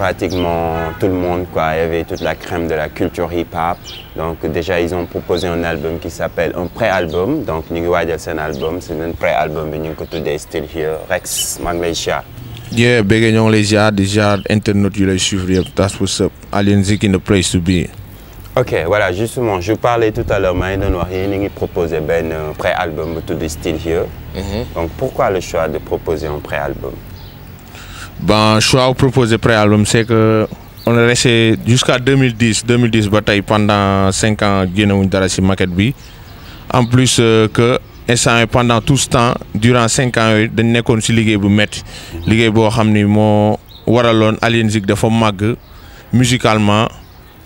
pratiquement tout le monde. Quoi. Il y avait toute la crème de la culture hip-hop. Donc déjà, ils ont proposé un album qui s'appelle un pré-album. Donc ñu ngi c'est un album c'est un pré-album bi ñu ngi Still Here Rex maa yeah béykat ñoo Déjà internet yu les suivre that's what's up Alien, in the place to be. ok voilà justement je parlais tout à l'heure mais ngi il proposait a euh, pré-album tout de Still Here. Mm-hmm. donc pourquoi le choix de proposer un pré-album. Ben, choix proposé préalable, c'est que on est resté jusqu'à 2010, 2010 bataille pendant 5 ans Guinée dara ci maquette bi. En plus euh, que instant pendant tout ce temps durant 5 ans yooyu dañ nekkoon ci liggéey bu metti liggéey boo xam ni moo waraloon Aliens dafa màgg musicalement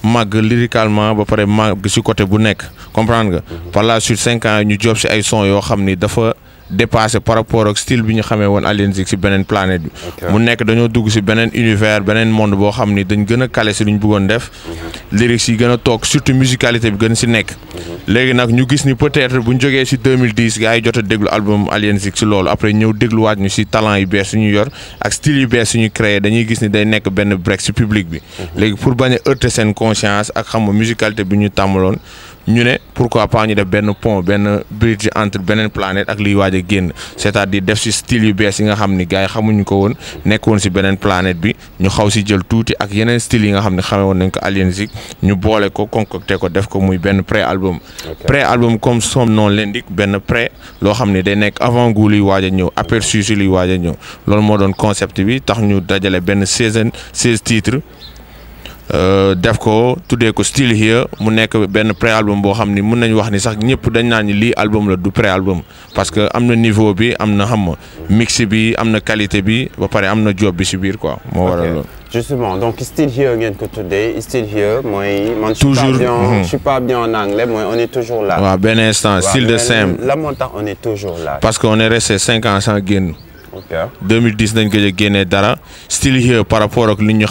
màgg lyricalement ba pare màgg ci côté bu nekk comprendre nga. par la suite ans ay son yoo xam ni dafa. dépassé par rapport ak style bi ñu xamee woon Alien Zik si beneen planète bi. mu nekk dañoo dugg si beneen univers beneen monde boo xam ni dañ gën a calé si lu ñu bëggoon def. Mhm. lyrics yi gën a toog surtout musicalité bi gën si nekk. Mhm. léegi nag ñu gis ni peut bu ñu jógee si 2010 gars yi jot a déglu album Alien Zik si loolu après ñëw dégluwaat ñu si talent yu bees yu ñu yor ak style yu bees yu ñu créé dañuy gis ni day nekk benn break si public bi. Mhm. léegi pour bañ a seen conscience ak xam nga musicalité ñu tàmmaloon. ñu ne pourquoi par ñu def benn pont benn bridge entre beneen planète ak liy waaj a génn c'est-à-dire def si style yu bees yi nga xam ni gars yi xamuñu ko woon nekkoon si beneen planète bi ñu xaw si jël tuuti ak yeneen style yi nga xam ne xamee woon nañ ko Aliens yi ñu boole ko concocté ko def ko muy benn pré album. pré album comme son leen l'indique benn pré loo xam ne day nekk avant goût luy waaj a ñëw aperçu si luy waaj a ñëw loolu moo doon concept bi tax ñu dajale benn seize seize titres. Euh, def ko tuddee ko Still Here mu nekk benn pré album boo xam ni mun nañu wax ni sax ñëpp dañ naa ni lii album la du pré album parce que am na niveau bi am na xam mix bi am na qualité bi ba pare am na job bi si biir quoi moo a loolu justement donc Still Here ngeen ko tuddee Still Here mooy. man toujours je suis mhm. mooy on est toujours là. la moo tax on est parce que on est resté cinq ans sans génn. 2010 nañ ko dara still here par rapport ak li ñu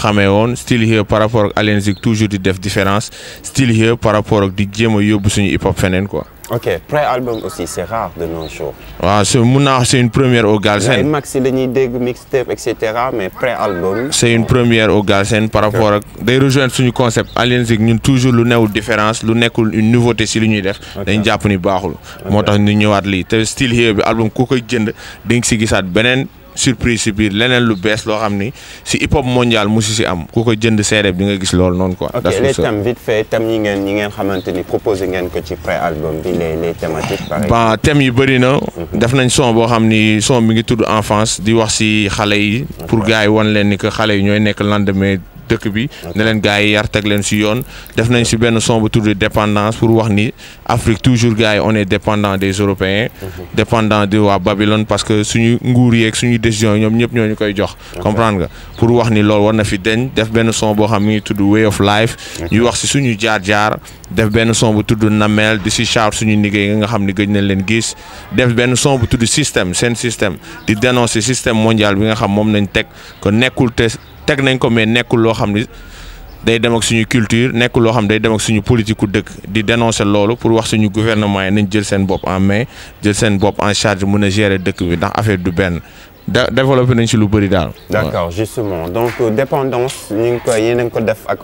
still here par rapport ak Aliens toujours di def différence still here par rapport ak di jéem yóbbu suñu hip hop quoi. ok pré-album aussi c'est rare de nos jours. Ah, c'est mona, c'est une première au Galsen. Max, maxi la ñuy mixtape etc., mais pré-album. C'est une première au Galsen par rapport à. day rejoindre suñu concept Alien nous ñun toujours lu newul différence le nekkul une nouveauté si le ñuy def. dañ jàpp ni baaxul. le tax ñu ñëwaat lii te Still Here bi album ku koy jënd di qui si Benen. surprise si biir leneen lu bees loo xam ni si hip hop mondial mu si si am ku ko jënd CD bi nga gis loolu noonu ko ok les thèmes vite fait thèmes yi ngeen yi ngeen xamante ni proposé ngeen ko ci pré album bi les les thématiques. bon yi bëri na. Mhm. def nañ son boo xam ni son bi ngi tudd enfance di wax si xale yi. pour gars wan leen ni que xale yi ñooy nekk lendemain. de bi ne leen gars yi yar dépendance pour wax ni Afrique toujours on est dépendant des Européens mhm. dépendant de waa Babylone parce que suñu nguur yeeg suñu décision comprendre pour wax ni war na fi deñ def son way of life de wax si suñu namel char suñu nga xam ni nañ gis def son bu système seen système système mondial des day dem ak suñu culture nek lo xam day dem ak suñu politique ku dëkk di dénoncer loolu pour wax suñu gouvernement ñu Bob jël sen bop en main jël sen bop en charge de a gérer dëkk bi ndax affaire du Ben, développer nañ ci lu bari dal d'accord justement donc euh, dépendance ñu ngi koy yéen ko def ak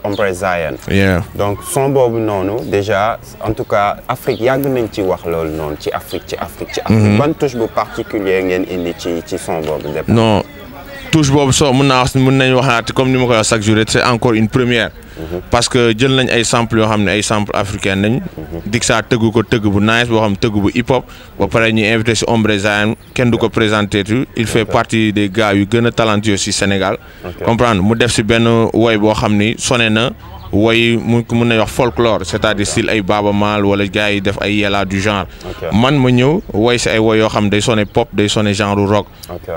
yeah donc son boobu noonu déjà en tout cas Afrique yag nañ ci wax loolu non ci Afrique ci Afrique ci Afrique. Mhm. ban touche bu particulier ngeen indi ci ci son boobu. non touche boobu soo mun naa wax mun nañ waxaat comme ni ma koy wax chaque jour c'est encore une première mhm. parce que jël nañ ay samples yoo xam ne ay samples africain nañ mhm. Dixa tëgg ko tëgg bu nice boo xam tëgg bu hip hop ba pare ñuy invité si Ombre Zion kenn du ko présenté tu il fait partie des gars yu gën a talentueux si Sénégal comprendre mu def si benn woy boo xam ni soné na way mu ko wax folklore c'est-à-dire style ay mal, ou wala gars def ay yela du genre man mo ñëw way ci ay way yoo xam day sonné pop day sonné genre rock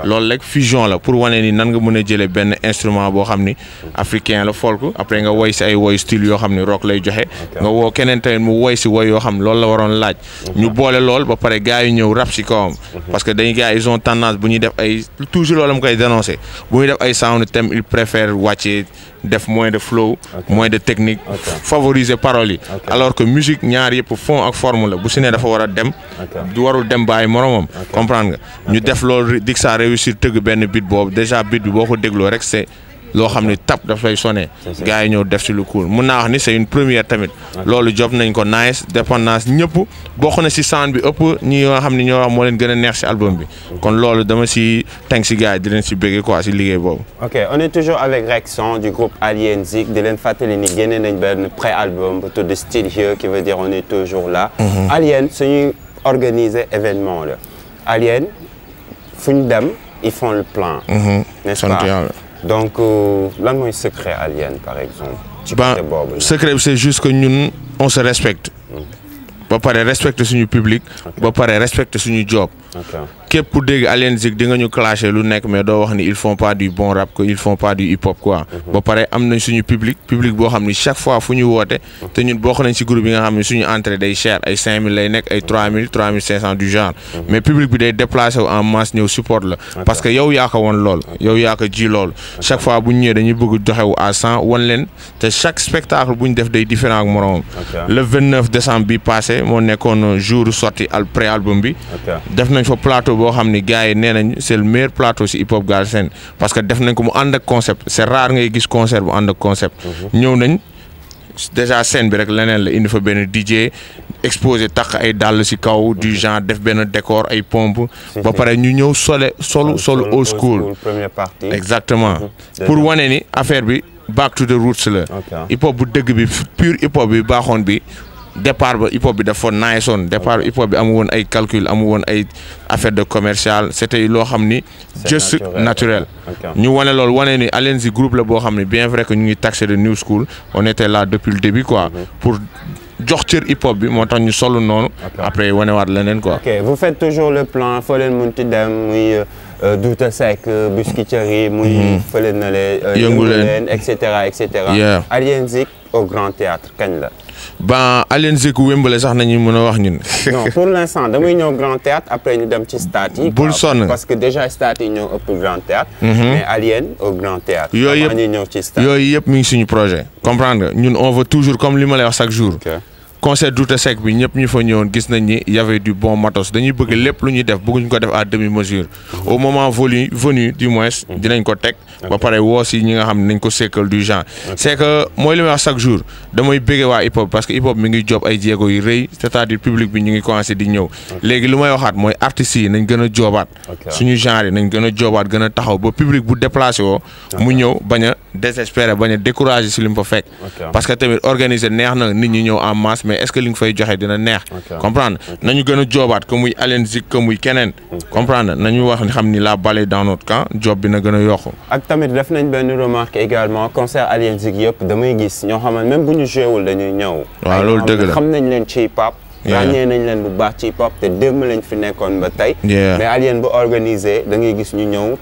Lool rek fusion la pour wané ni nan nga mën a ben instrument bo xamni africain le folk après nga way ci ay way style yo xamni rock lay joxé. nga wo kenen tamit mu way ci way yo xam lool la waron laaj ñu bolé lool ba paré gars yi rap ci kawam mhm. parce que dañ gars ils ont tendance bu ñu def ay toujours loolu koy dénoncer bu ñu def ay sound thème ils préfèrent wàcce def moins de flow moins de technique favoriser paroles yi alors que musique ñaar yëpp fond ak forme la bu si ne dafa war a dem du warul dem bàyyi moromam comprendre nga ñu def loolu Dixa réussir tëgg benn bit boobu déjà beat bi boo ko dégloo rek c'est lo xam tap da fay sonné gaay yi def ci lu cool mu na wax ni c'est une première tamit lolu job nañ ko nice dépendance ñëpp bokk na ci sound bi ëpp ñi nga xam ñoo wax mo leen gëna neex ci album bi kon lolu dama ci tënk ci gaay di leen ci béggee quoi ci liggéey boobu ok on est toujours avec Rexon du groupe Alien Zik de leen fàttali ni génne nañ ben pré album bu tudd Still Here qui veut dire on est toujours là mhm. Alien suñuy organiser événement la Alien fu dem ils font le plein mhm. n'est-ce pas donc euh, lan mooy secret alien par exemple. ci boobu secret bi c'est juste que ñun on se respecte. Hmm. ba pare respecte suñu public. ba pare respecte suñu job. képp pour des aliens Zik di nga ñu clashé lu mais doo wax ni ils font pas du bon rap quoi ils font pas du hip hop quoi. Mhm. ba pareil am nañ suñu public public boo xam chaque fois à ñu woote. te ñun une nañ si groupe yi nga xam ni suñu entrée day cher ay 5000 lay nekk ay 3000 3500 du genre. Mhm. mais public bi day déplacé en masse ñëw support la. parce que yow yaa ko woon lool. yow yaa ko ji lool. chaque fois à bouger ñëwee dañuy bëgg joxewu à 100 one len te chaque spectacle bu ñu def day différent ak le 29 décembre bi passé mon nekkoon jour sorti al pré album bi. def nañ plateau boo xam gars yi c'est le meilleur plateau si hip hop Galsen parce que def nañ ko mu ànd concept c'est rare ngay gis concert bu ànd concept. Mhm. ñëw nañ déjà scène bi rek il la indi fa DJ exposer tak ay dal ci kaw. du genre def ben décor ay pompe mhm. ba paré ñu ñëw sole solu solu old school. première partie exactement. Mhm. pour wané ni affaire bi back to the roots la. hip hop bu dëgg bi pure hip hop bi baxone bi départ ba hip hop bi dafa départ ah hip hop bi ay calcul ay affaire de commercial c'était lo juste naturel ñu wane loolu groupe la bien vrai que ñu ngi taxer de new school on était là depuis le début quoi mm-hmm. pour jox hip hop bi ñu solo, après wat quoi ok vous faites toujours le plan foo le munti dem muy euh, euh, Douta euh, Biscuiterie muy mm-hmm. au Grand Théâtre la ben, Alain Sékou Wembale sax nañu mën a wax ñun. non pour l'instant, instant damay au grand théâtre après ñu dem ci stade parce que déjà stade yi ñoo au grand théâtre. Mhm. mais Alien au grand théâtre. yooyu yëpp yooyu yëpp mi ngi suñu projet. comprendre nga ñun on veut toujours comme li ma lay wax chaque jour concert Douta Seck bi ñep ñu fa ñëwoon gis nañ ni y avait du bon matos dañuy bëgg lepp lu ñuy def bëgguñ ko def à demi mesure au moment volu venu du moins mm-hmm. dinañ ko tek ba paré wo si ñi nga xam ne nañ ko sekkal du genre c'est que moy li wax chaque jour damay bëggé wa hip hop parce que hip hop mi ngi job ay djégo yu reuy c'est-à-dire public bi ñi ngi commencé di ñëw légui lu may waxaat mooy artistes yi nañ gëna a suñu genre yi nañ gëna a gëna taxaw ba public bu déplacé woo mu ñëw baña a désespéré bañ a découragé si li fa fekk parce que tamit organiser neex na nit ñi ñëw en masse est-ce que li de fay joxe dina neex. comprendre nañu gëna a comme muy Alioune Zik comprendre nañu wax ni la balle dans notre camp job bi na gëna a ak tamit def nañ remarque également concert damay même pap ràññee nañ leen bu baax hip fi ba mais Alien bu organisé da ngay gis ñu ñëw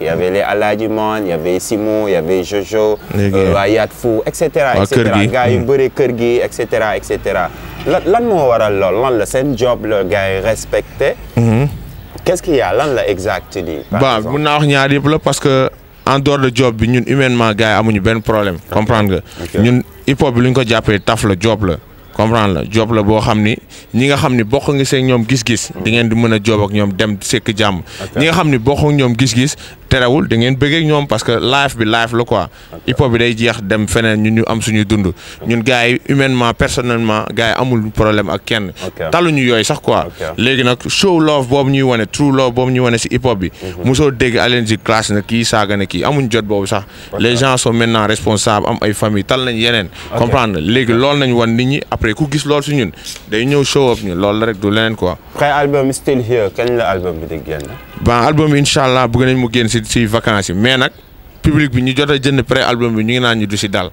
y avait les Alaaji y avait Simon y avait Jojo euh, waa etc., Fou gars lan la job gars respecté mm-hmm. qu'est-ce qu'il y a lan la exact bah, wax ñaar parce que en dehors de job bi humainement gars yi problème comprendre nga ñun hip hop job comprendre la job la boo xam ni ñi nga xam ni bokk nga seeg ñoom gis-gis di ngeen di mën a job ak ñoom dem sekk jàmm ñi nga xam ni bokk ak ñoom gis-gis terewul da ngeen bëgg ak ñoom parce que life bi life la quoi hip hop bi day jeex dem feneen ñun ñu am suñu dund ñun gars yi humainement personnellement gars yi amul problème ak kenn ñu yooy sax quoi léegi nag show love boobu ñuy wane true love boobu ñuy wane si hip hop bi mhm. mosoo dégg aleen si classe na kii saaga na kii jot boobu sax les gens sont maintenant responsables am ay famille tal nañ yeneen comprendre léegi loolu nañ après ku gis loolu si ñun ñëw show up ñu loolu rek du leneen quoi. après album Still Here kañ la album bi di génn. bon album bi allah bëgg nañ mu génn si si yi mais nag public bi ñu jot a jënd pré album bi ñu ngi naan ñu du si dal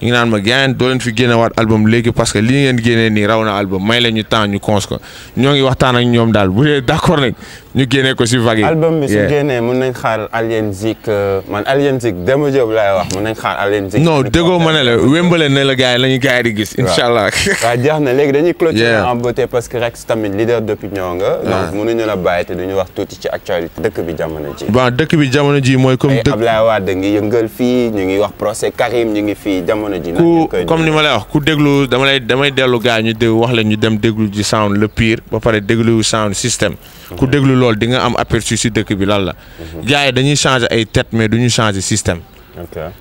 ñu ngi naan ma gaañ doo leen fi génnewaat album léegi parce que li ngeen génnee nii raw na album may la temps ñu cons ko ñoo ngi waxtaan ak ñoom daal bu dee d'accord nag ñu génnee ko si vague yi. album bi su génnee mun nañ xaar Alien Zik euh, man Alien Zik Demba Diop laay wax mun nañ xaar Alien Zik. non déggoo ma ne la wémbale ne la gars yi la ñu gars yi di gis. incha allah waaw jeex na léegi dañuy clôturer en beauté parce que Rex tamit leader d'opinion nga. Ah. donc mënuñu la bàyyi te duñu wax tuuti ci actualité dëkk bi jamono ji. bon dëkk bi jamono ji mooy comme. dëkk Ablaye Wade ngi yëngal fii ñu ngi wax procès Karim ngi fii jamono ji. ku comme ni ma lay wax ku déglu dama lay damay dellu gars ñu déglu wax leen ñu dem déglu ji sound le pire ba pare déglu sound système ku déglu loolu di nga am aperçu si dëkk bi lan la. Mhm. gars dañuy changer ay tête mais du ñu changer système.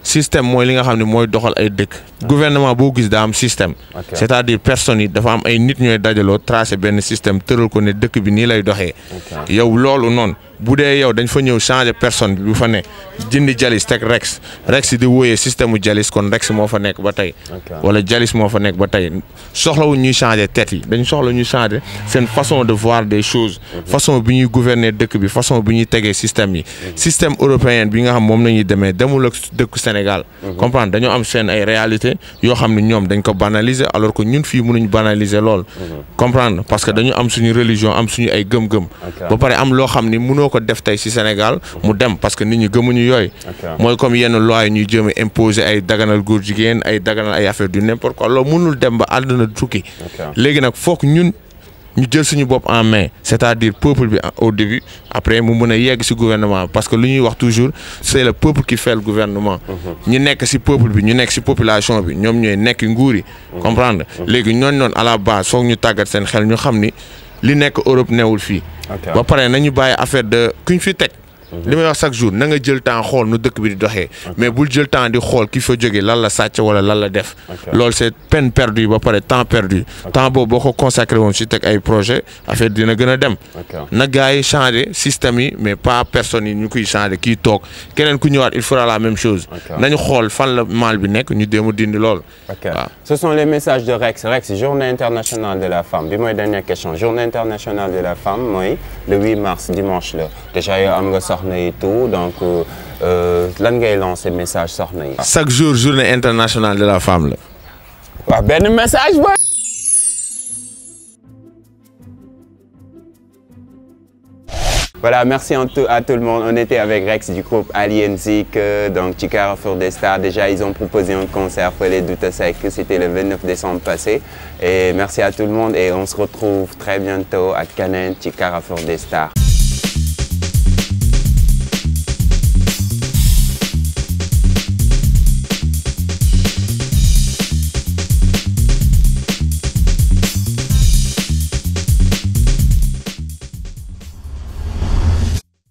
système mooy li nga xam ne mooy doxal ay dëkk. gouvernement boo gis daa am système. c'est-à-dire personnes yi dafa am ay nit ñooy dajaloo tracer benn système tëral ko ne dëkk bi nii lay doxee. yow loolu noonu. boudé yow dañ fa ñëw changer personne bi bu fa né jindi jalis tek rex rex di wóoyee système jalis kon rex mo fa nekk ba tay wala jalis mo fa nekk ba soxla wu ñuy changer tête yi dañ soxla ñuy changer sen façon de voir des choses mhm. façon bi ñuy gouverner dëkk bi façon bi ñuy tegee système yi mhm. système européen bi nga xam mom la démé demul ak dëkku Sénégal mhm. comprendre dañu am seen ay réalité Yo xamni ñom dañ ko banaliser alors que ñun fi mënuñ banaliser lool comprendre parce que dañu am suñu religion am suñu ay gëm-gëm ba paré am lo xamni mënoo ko def si Sénégal mu dem parce que nit ñi gëmuñu yooyu moi comme yenn loi yi ñuy jéem a imposer ay daganal góor jigéen ay daganal ay affaire du n'importe quoi loolu mënul dem ba àdduna tukki léegi nag foog ñun ñu jël suñu bopp en main c'est-à-dire peuple bi au début après mu mën yegg ci gouvernement parce que lu wax toujours c'est le peuple qui fait le gouvernement. Mhm. ñu nekk ci peuple bi ñu nekk ci population bi ñoom ñooy nekk nguur yi. Mhm. comprendre mhm. léegi ñooñu noonu à la base foog ñu tàggat seen xel ñu xam li nekk Europe newul fii. ba pare nañu bàyyi affaire de kuñ fi teg. Mhm. li may wax chaque jour na nga jël temps xool nu dëkk bi di doxee. mais bul jël temps di xool ki fa jógee lan la sàcc wala lan la def. loolu c'est peine perdue ba pare temps perdu. temps boobu boo ko consacré woon si teg ay projet affaire dina gën a dem. na gars yi changé système yi mais pas personne yi ñu koy changé kii toog keneen ku ñëwaat il fera la même chose. nañu xool fan la mal bi nekk ñu déemu dindi lool. waaw ce sont les messages de Rex Rex journée internationale de la femme bi mooy dernière question journée internationale de la femme mooy le 8 mars dimanche la déjà yow am nga sax et tout donc euh, euh, lan lance lancer message chaque jour journée internationale de la femme la. bien le message Voilà, merci à tout le monde. On était avec Rex du groupe Alien euh, donc Chikara fur des Stars. Déjà, ils ont proposé un concert pour les Doutes secs, C'était le 29 décembre passé. Et merci à tout le monde et on se retrouve très bientôt à Canen, Chikara des Stars.